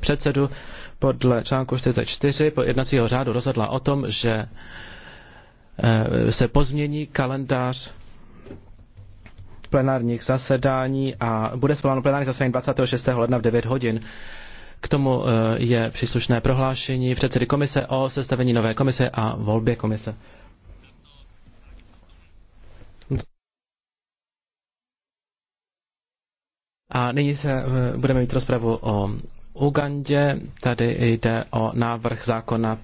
předsedu podle článku 44 po jednacího řádu rozhodla o tom, že eh, se pozmění kalendář plenárních zasedání a bude zvoláno plenární zasedání 26. ledna v 9 hodin. K tomu eh, je příslušné prohlášení předsedy komise o sestavení nové komise a volbě komise. A nyní se eh, budeme mít rozpravu o Ugandě. Tady jde o návrh zákona